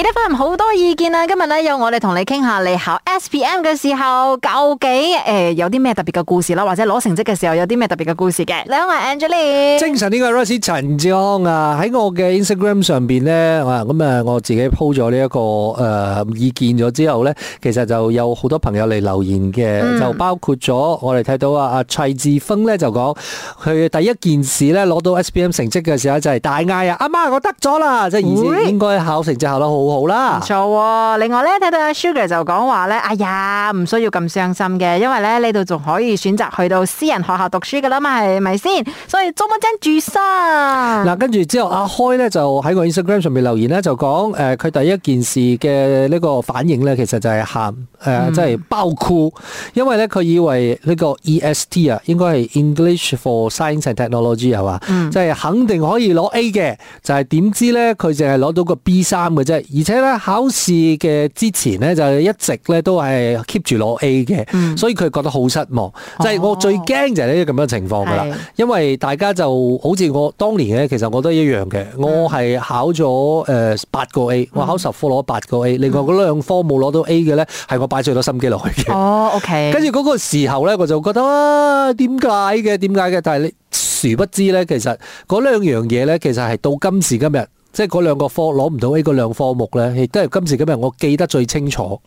你都返唔好多意見啦，今日咧有我哋同你傾下，你考 S P M 嘅時候究竟誒有啲咩特別嘅故事啦，或者攞成績嘅時候有啲咩特別嘅故事嘅？兩位 Angelie，精神呢個 r i s e 陳志啊，喺我嘅 Instagram 上邊咧，咁啊我自己鋪咗呢一個誒、呃、意見咗之後咧，其實就有好多朋友嚟留言嘅，嗯、就包括咗我哋睇到啊啊蔡志峰咧就講佢第一件事咧攞到 S P M 成績嘅時候就係大嗌啊阿媽我得咗啦，即係以前應該考成績考得好。好啦，唔錯、哦。另外咧，睇到阿 Sugar 就講話咧，哎呀，唔需要咁傷心嘅，因為咧呢度仲可以選擇去到私人學校讀書噶啦嘛，係咪先？所以做乜真住生？嗱，跟住之後阿開咧就喺個 Instagram 上面留言咧，就講誒，佢第一件事嘅呢個反應咧，其實就係喊誒，即、呃、係、嗯、包括，因為咧佢以為呢個 E S T 啊，應該係 English for Science and Technology 係嘛，即係、嗯、肯定可以攞 A 嘅，就係、是、點知咧佢淨係攞到個 B 三嘅啫。而且咧，考試嘅之前咧，就一直咧都係 keep 住攞 A 嘅，嗯、所以佢覺得好失望。即、就、係、係、我最驚就係呢啲咁樣情況噶啦，哦、因為大家就好似我當年咧，其實我都一樣嘅。嗯、我係考咗誒八個 A、嗯、我考十科攞八個 A、嗯、另外嗰兩科冇攞到 A 嘅咧，係我擺最多心機落去嘅。哦，OK。跟住嗰個時候咧，我就覺得啊，點解嘅？點解嘅？但係你殊不知咧，其實嗰兩樣嘢咧，其實係到今時今日。即係嗰兩個科攞唔到呢個兩科目咧，亦都係今時今日我記得最清楚，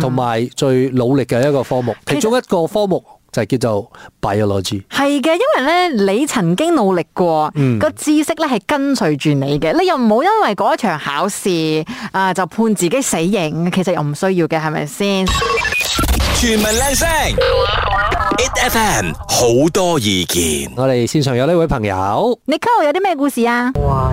同埋、嗯、最努力嘅一個科目。其,實其中一個科目就係叫做 Biology。係嘅，因為咧你曾經努力過，個、嗯、知識咧係跟隨住你嘅。你又唔好因為嗰一場考試啊、呃、就判自己死刑，其實又唔需要嘅，係咪先？全民靚聲，it fm 好多意見。我哋線上有呢位朋友，你 Q 有啲咩故事啊？哇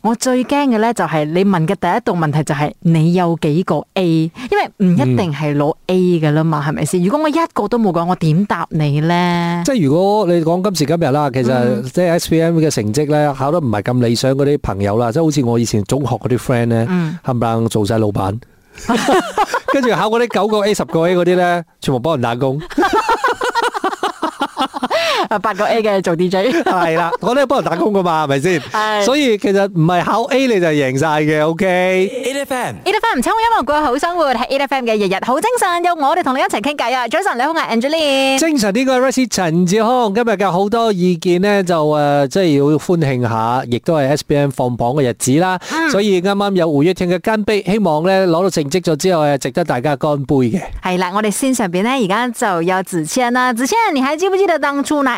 我最驚嘅咧，就係你問嘅第一道問題就係你有幾個 A，因為唔一定係攞 A 噶啦嘛，係咪先？如果我一個都冇講，我點答你咧？即係如果你講今時今日啦，其實即係 SPM 嘅成績咧，考得唔係咁理想嗰啲朋友啦，嗯、即係好似我以前中學嗰啲 friend 咧，冚唪唥做晒老闆，跟住 考嗰啲九個 A、十個 A 嗰啲咧，全部幫人打工。 啊，八個 A 嘅做 DJ 係啦， 我都係幫人打工噶嘛，係咪先？係，所以其實唔係考 A 你就贏晒嘅，OK？E F M E F M 唔充音樂過好生活係 E F M 嘅日日好精神，有我哋同你一齊傾偈啊！早晨你好我係，Angeline，精神呢個係 Rosie 陳志康，今日嘅好多意見呢，就誒、呃，即係要歡慶下，亦都係 S P M 放榜嘅日子啦。嗯、所以啱啱有五月天嘅乾杯，希望咧攞到成績咗之後係值得大家乾杯嘅。係啦，我哋線上邊咧而家就有子謙啦，子謙，你還記不記得當初呢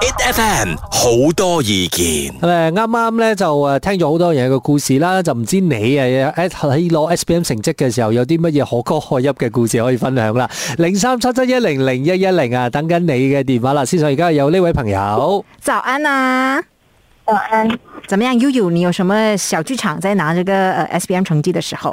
itfm 好多意見，誒啱啱咧就誒聽咗好多人嘅故事啦，就唔知你誒喺攞 SPM 成績嘅時候有啲乜嘢可歌可泣嘅故事可以分享啦，零三七七一零零一一零啊，等緊你嘅電話啦，先生，而家有呢位朋友，早安啊，早安，怎麼樣，悠悠，你有什麼小劇場在拿這個誒 SPM 成績的時候？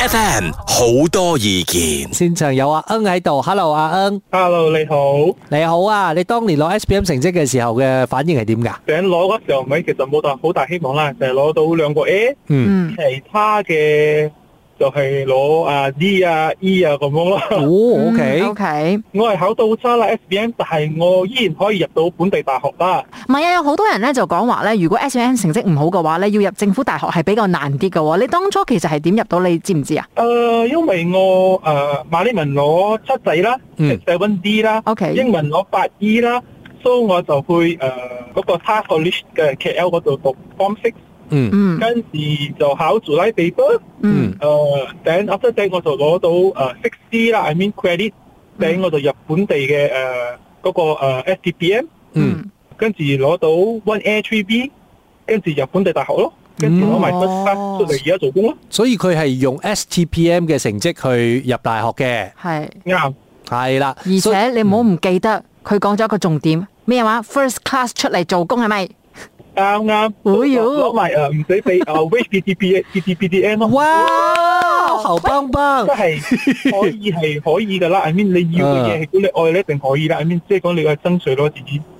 F M 好多意見，現場有阿 N 喺度，Hello 阿 N，Hello 你好，你好啊，你當年攞 SPM 成績嘅時候嘅反應係點㗎？想攞嗰時候咪其實冇大好大希望啦，就係、是、攞到兩個 A，嗯，其他嘅。就係攞啊 D 啊 E 啊咁樣咯。哦，OK OK。我係考到差啦 SPM，但係我依然可以入到本地大學啊。唔係啊，有好多人咧就講話咧，如果 SPM 成績唔好嘅話咧，要入政府大學係比較難啲嘅喎。你當初其實係點入到，你知唔知啊？誒，因為我誒馬來文攞七仔啦，seven D 啦，英文攞八 E 啦，所以我就去誒嗰個 Tashkent 嘅 KL 嗰度讀 Form Six。嗯嗯，跟住就考住拉 paper，嗯，誒，then after that 我就攞到誒 sixty 啦，I mean credit，等我就入本地嘅誒嗰個誒 STPM，嗯，跟住攞到 one A three B，跟住入本地大學咯，跟住攞埋分出嚟而家做工咯，所以佢係用 STPM 嘅成績去入大學嘅，係，啱，係啦，而且你唔好唔記得佢講咗一個重點，咩話 first class 出嚟做工係咪？啱啱攞埋誒唔使俾誒，WeChat D P A D P D M 咯，哇好棒棒，即係可以係可以噶啦，I mean 你要嘅嘢係估你愛咧，一定可以啦，I mean 即係講你係爭取咯自己。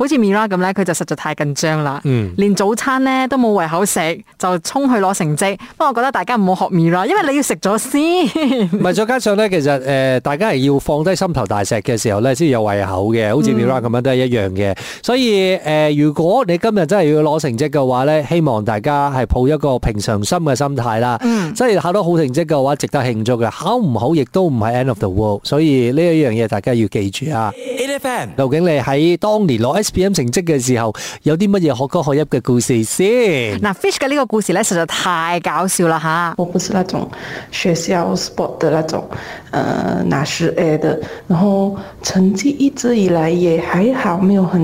好似 Mira 咁咧，佢就實在太緊張啦，連早餐咧都冇胃口食，就衝去攞成績。不過我覺得大家唔好學 Mira，因為你要食咗先。唔係再加上咧，其實誒大家係要放低心頭大石嘅時候咧，先有胃口嘅。好似 Mira 咁樣都係一樣嘅。所以誒，如果你今日真係要攞成績嘅話咧，希望大家係抱一個平常心嘅心態啦。即係考到好成績嘅話，值得慶祝嘅；考唔好亦都唔係 end of the world。所以呢一樣嘢大家要記住啊。劉景莉喺當年攞 SPM 成績的時候，有啲乜嘢可歌可泣嘅故事先？嗱 Fish 的呢個故事咧，實在太搞笑了哈，我不是那種學校 sport 的那種，誒、呃、拿是 A 的，然後成績一直以來也還好，沒有很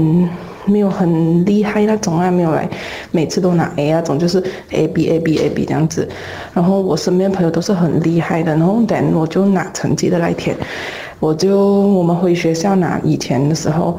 沒有很厲害，那種啊，沒有來每次都拿 A 那種就是 A B A B A B 這樣子。然後我身邊朋友都是很厲害的，然後但我就拿成績的那一天，我就我們回學校拿以前的時候。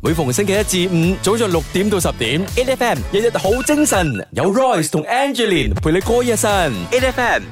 每逢星期一至五，早上六點到十點，8FM 日日好精神，有 Royce 同 Angelin 陪你過一晨，8FM。